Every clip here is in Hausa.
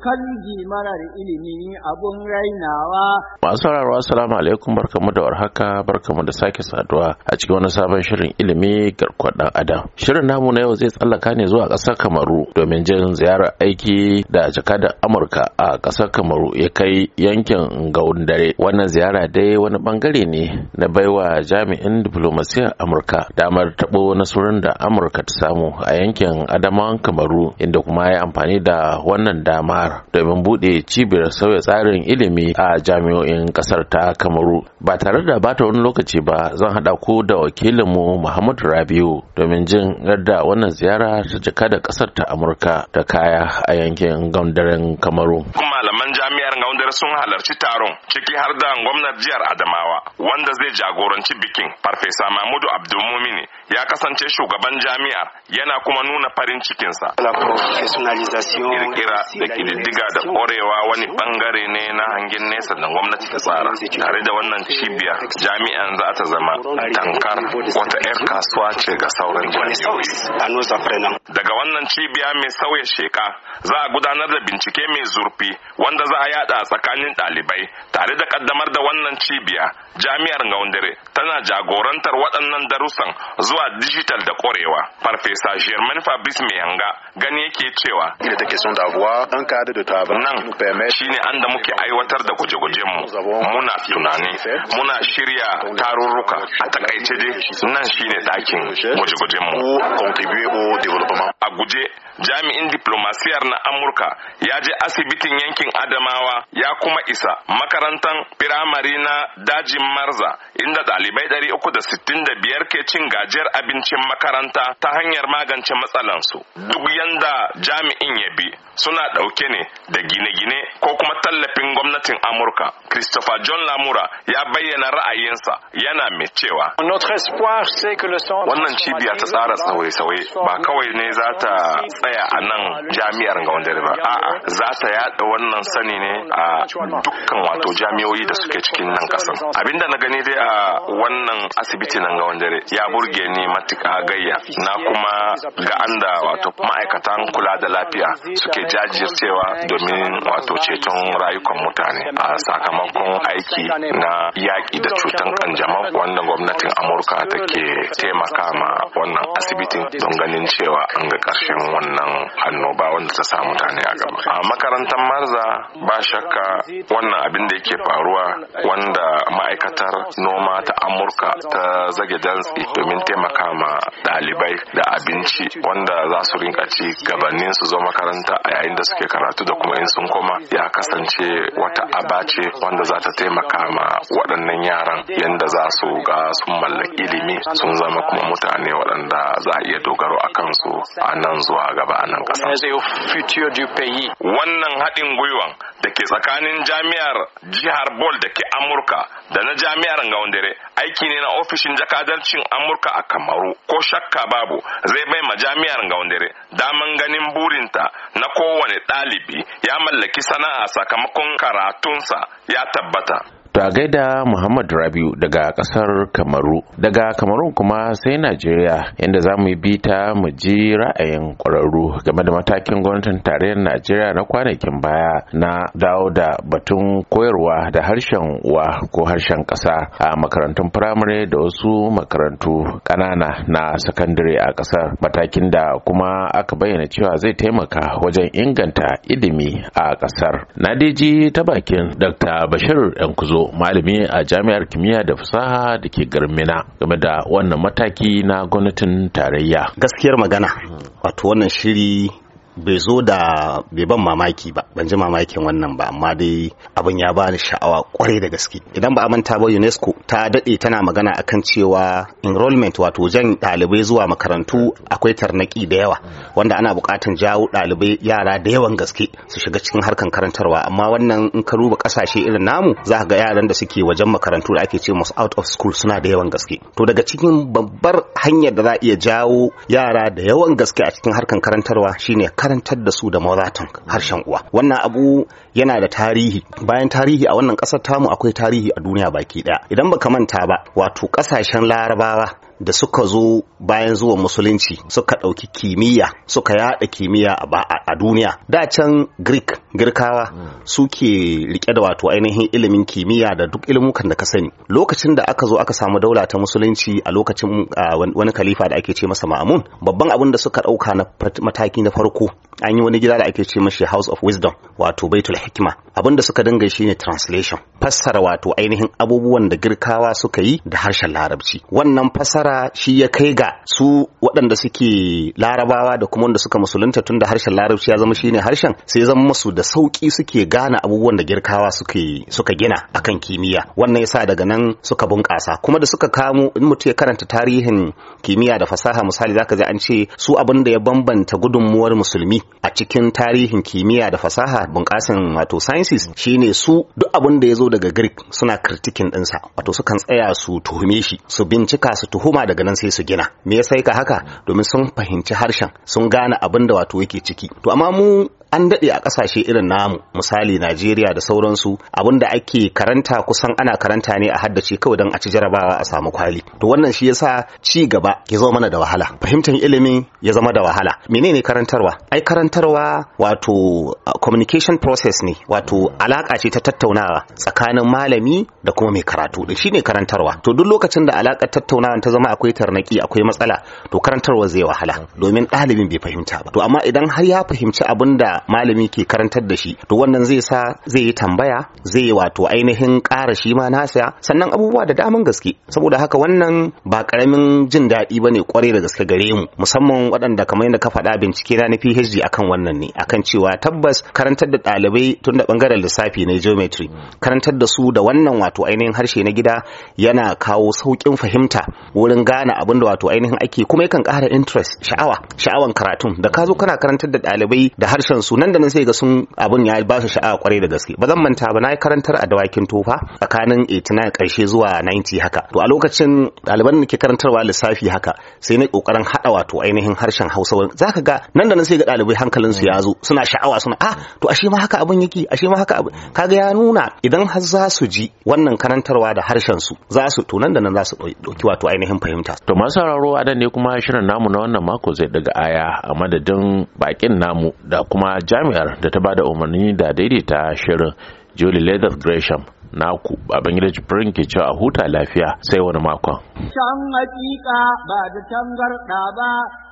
Kan mara da ilimi abun rainawa. Masu sauraro assalamu alaikum barkamu da warhaka barkamu da sake saduwa a cikin wani sabon shirin ilimi garkuwar dan adam. Shirin namu na yau zai tsallaka ne zuwa ƙasar Kamaru domin jin ziyarar aiki da jakadar Amurka a ƙasar Kamaru ya kai yankin gaun dare. Wannan ziyara dai wani bangare ne na baiwa jami'in diplomasiya Amurka damar taɓo nasarorin da Amurka ta samu a yankin Adamawan Kamaru inda kuma ya amfani da wannan damar. kasar domin bude cibiyar sauya tsarin ilimi a jami'o'in kasar ta kamaru ba tare da bata wani lokaci ba zan hada ku da wakilinmu muhammadu rabiu domin jin yadda wannan ziyara ta jika da kasar ta amurka da kaya a yankin gaundaren kamaru malaman jami'ar gaundar sun halarci taron ciki har da gwamnar jihar adamawa wanda zai jagoranci bikin farfesa mahmudu abdulmumini ya kasance shugaban jami'ar yana kuma nuna farin cikinsa kirkira da ƙididdiga da korewa wani bangare ne na hangen nesa da gwamnati ta tsara tare da wannan cibiya jami'an za ta zama tankar wata 'yar kasuwa ce ga sauran jami'ai daga wannan cibiya mai sauya sheka za a gudanar da bincike mai zurfi wanda za a yada a tsakanin ɗalibai tare da kaddamar da wannan cibiya jami'ar ngaundere tana jagorantar waɗannan darussan zuwa digital da korewa farfesa germain fabrice mayanga gani yake cewa da take son da dan Nan shine an da muke aiwatar da guje mu Muna tunani, muna shirya tarurruka a takaice dai nan shine dakin guje-gujenmu. a guje jami'in diplomasiyar na amurka ya je asibitin yankin adamawa ya kuma isa makarantar firamare na dajin marza inda ɗalibai biyar ke cin gajiyar abincin makaranta ta hanyar magance matsalansu duk yanda jami'in ya bi suna ɗauke ne da gine-gine ko kuma tallafin gwamnatin amurka christopher john lamura ya bayyana ra'ayinsa yana mai cewa wannan cibiya ta tsara sauye-sauye ba kawai ne za ta tsaya a nan jami'ar ga wanda ba a'a za ta yada wannan sani ne a dukkan wato jami'oyi da suke cikin nan kasan abinda na gani dai a wannan asibiti nan ga wanda ya burge ni matuka gayya na kuma ga anda wato ma'aikatan kula da lafiya suke jajircewa domin wato ceton rayukan mutane a sakamakon aiki na yaƙi da cutan kanjamau wannan gwamnatin amurka take taimaka ma wannan asibitin don ganin cewa an ga ƙarshen wannan hannu ba wanda ta sa mutane a gaba a makarantar marza ba shakka wannan abin da yake faruwa wanda ma'aikatar noma ta amurka ta zage dantsi domin taimaka ma ɗalibai da abinci wanda za su rinka ci gabanin su zo makaranta a yayin da suke karatu da kuma in sun koma ya kasance wata abace wanda za ta taimaka ma waɗannan yaran yadda za su ga sun mallaki ilimi sun zama kuma mutane waɗanda za a iya dogaro a kansu a a nan zuwa gaba a nan kasa. E. Wannan haɗin gwiwan da ke tsakanin jami'ar jihar Bol da ke Amurka da na jami'ar Ngaundere aiki ne na ofishin jakadancin Amurka a Kamaru ko shakka babu zai bai ma jami'ar Ngaundere daman ganin burinta na kowane ɗalibi ya mallaki sana'a sakamakon karatunsa ya tabbata. To a gaida Muhammad Rabiu daga kasar Kamaru. Daga Kamarun kuma sai Najeriya inda za mu yi bita mu ji ra'ayin ƙwararru game da matakin gwamnatin tarayyar Najeriya na kwanakin baya na dawo da batun koyarwa da harshen uwa ko harshen ƙasa a makarantun firamare da wasu makarantu ƙanana na sakandare a ƙasar matakin da kuma aka bayyana cewa zai taimaka wajen inganta ilimi a ƙasar. Nadeji ta bakin Dr. Bashir Yankuzo malami a jami'ar kimiyya da fasaha da ke garmina game da wannan mataki na gwamnatin tarayya. Gaskiyar magana, wato wannan shiri bai zo da bai ban mamaki ba ban ji mamakin wannan ba amma dai abin ya bani sha'awa kwarai da gaske idan ba a manta ba UNESCO ta dade tana magana akan cewa enrollment wato jan dalibai zuwa makarantu akwai tarnaki da yawa wanda ana bukatan jawo dalibai yara da yawan gaske su shiga cikin harkan karantarwa amma wannan in ka ruba kasashe irin namu za ga yaran da suke wajen makarantu da ake ce musu out of school suna da yawan gaske to daga cikin babbar hanyar da za a iya jawo yara da yawan gaske a cikin harkan karantarwa shine kar karantar da su da mawatan harshen uwa wannan abu yana da tarihi bayan tarihi a wannan kasar tamu akwai tarihi a duniya baki daya idan baka manta ba wato kasashen larabawa da suka zo bayan zuwa musulunci suka ɗauki kimiyya suka yada kimiyya a duniya da can greek girkawa hmm. suke rike da wato ainihin ilimin kimiyya da duk ilimukan da ka sani lokacin da aka zo aka samu daula ta musulunci a lokacin wani kalifa da ake ce masa ma'amun babban abin da suka ɗauka na mataki na farko an yi wani gida da ake ce mashi house of wisdom wato baitul hikima abin da suka dinga shine translation fassara wato ainihin abubuwan da girkawa suka yi da harshen larabci wannan fassara fassara shi ya kai ga su waɗanda suke larabawa da kuma wanda suka musulunta tunda harshen larabci ya zama shine harshen sai zama musu da sauki suke gane abubuwan da girkawa suke suka gina akan kimiyya wannan yasa daga nan suka bunƙasa kuma da suka kamo in mutum ya karanta tarihin kimiyya da fasaha misali zaka ji an ce su abin da ya bambanta gudunmuwar musulmi a cikin tarihin kimiyya da fasaha bunƙasan wato sciences shine su duk abin da ya zo daga Greek suna kritikin ɗinsa wato sukan tsaya su tuhume shi su bincika su tuhuma kuma daga nan sai su gina me yasa ka haka domin sun fahimci harshen sun gane abin da wato yake ciki to amma mu an daɗe a ƙasashe irin namu misali najeriya da sauransu abinda ake karanta kusan ana karanta ne a haddace kawai don a ci jarabawa a samu kwali to wannan shi yasa ci gaba ya zama mana da wahala fahimtar ilimi ya zama da wahala menene karantarwa ai karantarwa wato communication process ne wato alaka ce ta tattaunawa tsakanin malami da kuma mai karatu din shine karantarwa to duk lokacin da alakar tattaunawa ta zama akwai tarnaki akwai matsala to karantarwa zai wahala domin ɗalibin bai fahimta ba to amma idan har ya fahimci abin da malami ke karantar da shi to wannan zai sa zai yi tambaya zai yi wato ainihin ƙara shi ma nasa sannan abubuwa da daman gaske saboda haka wannan ba karamin jin daɗi ba ne kwarai da gaske gare mu musamman waɗanda kamar yadda ka faɗa bincike na PhD akan wannan ne akan cewa tabbas karantar da ɗalibai tun da ɓangaren lissafi na geometry karantar da su da wannan wato ainihin harshe na gida yana kawo sauƙin fahimta wurin gane abin da wato ainihin ake kuma yakan ƙara interest sha'awa sha'awan karatun da ka zo kana karantar da ɗalibai da harshen su nan da nan sai ga sun abun ya ba su sha'awa kwarai da gaske ba zan manta ba na yi karantar a dawakin tofa tsakanin 89 karshe zuwa 90 haka to a lokacin ɗaliban da ke karantarwa lissafi haka sai na kokarin hada wato ainihin harshen Hausa Wani zaka ga nan da nan sai ga ɗalibai hankalin su ya zo suna sha'awa suna ah to ashe ma haka abun yake ashe ma haka abun kaga ya nuna idan har za su ji wannan karantarwa da harshen su za su to nan da nan za su ɗauki wato ainihin fahimta to masu sauraro a ne kuma shirin namu na wannan mako zai daga aya a madadin bakin namu da kuma jami'ar da ta bada umarni da daidaita shirin Julie Leather Gresham naku Babangida Jibrin ke cewa a huta lafiya sai wani makon. Can hakika ba da tangarɗa ba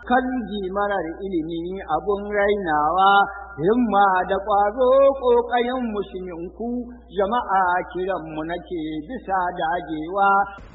kan marar ilimi abun rainawa himma da ƙwazo ƙoƙarin musulminku jama'a kiranmu nake bisa dagewa.